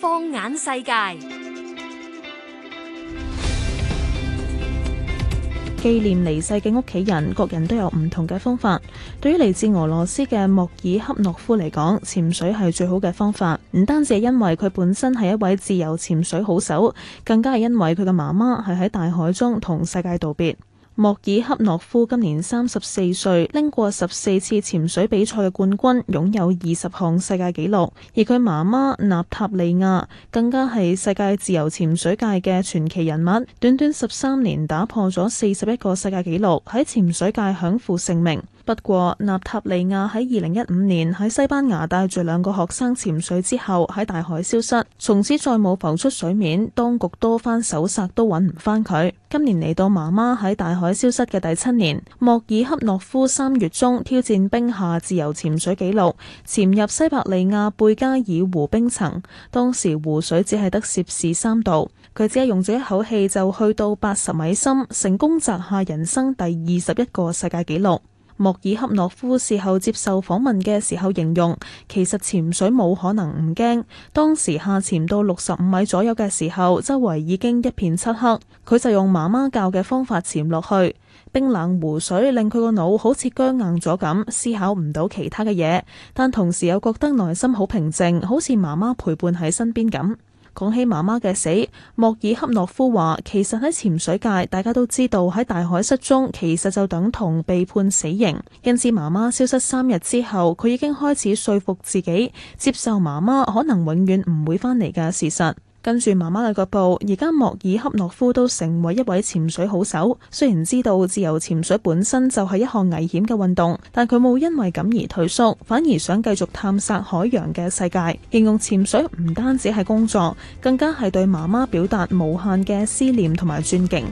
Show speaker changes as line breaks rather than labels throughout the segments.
放 眼世界，紀 念離世嘅屋企人，各人都有唔同嘅方法。對於嚟自俄羅斯嘅莫爾恰諾夫嚟講，潛水係最好嘅方法。唔單止係因為佢本身係一位自由潛水好手，更加係因為佢嘅媽媽係喺大海中同世界道別。莫爾克諾夫今年三十四歲，拎過十四次潛水比賽嘅冠軍，擁有二十項世界紀錄。而佢媽媽納塔利亞更加係世界自由潛水界嘅傳奇人物，短短十三年打破咗四十一個世界紀錄，喺潛水界享負盛名。不過，納塔利亞喺二零一五年喺西班牙帶住兩個學生潛水之後喺大海消失，從此再冇浮出水面。當局多番搜索都揾唔返佢。今年嚟到媽媽喺大海消失嘅第七年，莫爾克諾夫三月中挑戰冰下自由潛水紀錄，潛入西伯利亞貝加爾湖冰層，當時湖水只係得攝氏三度，佢只係用咗一口氣就去到八十米深，成功摘下人生第二十一個世界紀錄。莫爾克諾夫事後接受訪問嘅時候形容，其實潛水冇可能唔驚。當時下潛到六十五米左右嘅時候，周圍已經一片漆黑，佢就用媽媽教嘅方法潛落去。冰冷湖水令佢個腦好似僵硬咗咁，思考唔到其他嘅嘢，但同時又覺得內心好平靜，好似媽媽陪伴喺身邊咁。講起媽媽嘅死，莫爾克諾夫話：其實喺潛水界，大家都知道喺大海失蹤，其實就等同被判死刑。因此，媽媽消失三日之後，佢已經開始說服自己接受媽媽可能永遠唔會返嚟嘅事實。跟住媽媽嘅腳步，而家莫爾恰諾夫都成為一位潛水好手。雖然知道自由潛水本身就係一項危險嘅運動，但佢冇因為咁而退縮，反而想繼續探索海洋嘅世界。形容潛水唔單止係工作，更加係對媽媽表達無限嘅思念同埋尊敬。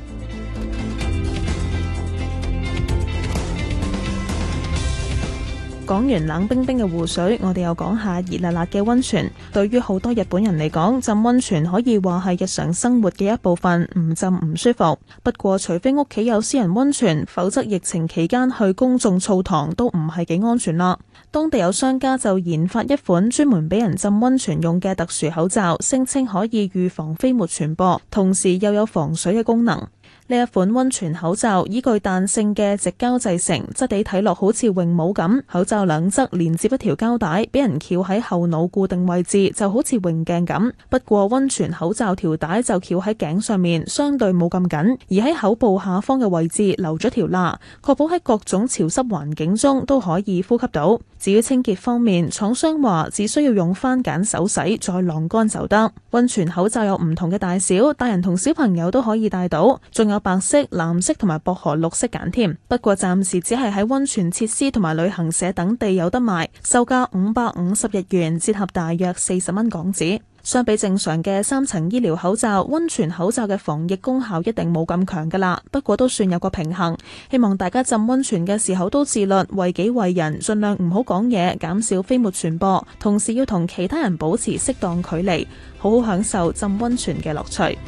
講完冷冰冰嘅湖水，我哋又講下熱辣辣嘅溫泉。對於好多日本人嚟講，浸溫泉可以話係日常生活嘅一部分，唔浸唔舒服。不過，除非屋企有私人溫泉，否則疫情期間去公眾澡堂都唔係幾安全啦。當地有商家就研發一款專門俾人浸溫泉用嘅特殊口罩，聲稱可以預防飛沫傳播，同時又有防水嘅功能。呢一款溫泉口罩依具彈性嘅直膠製成，質地睇落好似泳帽咁。口罩兩側連接一條膠帶，俾人翹喺後腦固定位置，就好似泳鏡咁。不過溫泉口罩條帶就翹喺頸上面，相對冇咁緊。而喺口部下方嘅位置留咗條罅，確保喺各種潮濕環境中都可以呼吸到。至於清潔方面，廠商話只需要用番梘手洗再晾乾就得。溫泉口罩有唔同嘅大小，大人同小朋友都可以戴到，仲有。白色、藍色同埋薄荷綠色揀添，不過暫時只係喺溫泉設施同埋旅行社等地有得賣，售價五百五十日元，折合大約四十蚊港紙。相比正常嘅三層醫療口罩，溫泉口罩嘅防疫功效一定冇咁強㗎喇。不過都算有個平衡，希望大家浸溫泉嘅時候都自律，為己為人，盡量唔好講嘢，減少飛沫傳播，同時要同其他人保持適當距離，好好享受浸溫泉嘅樂趣。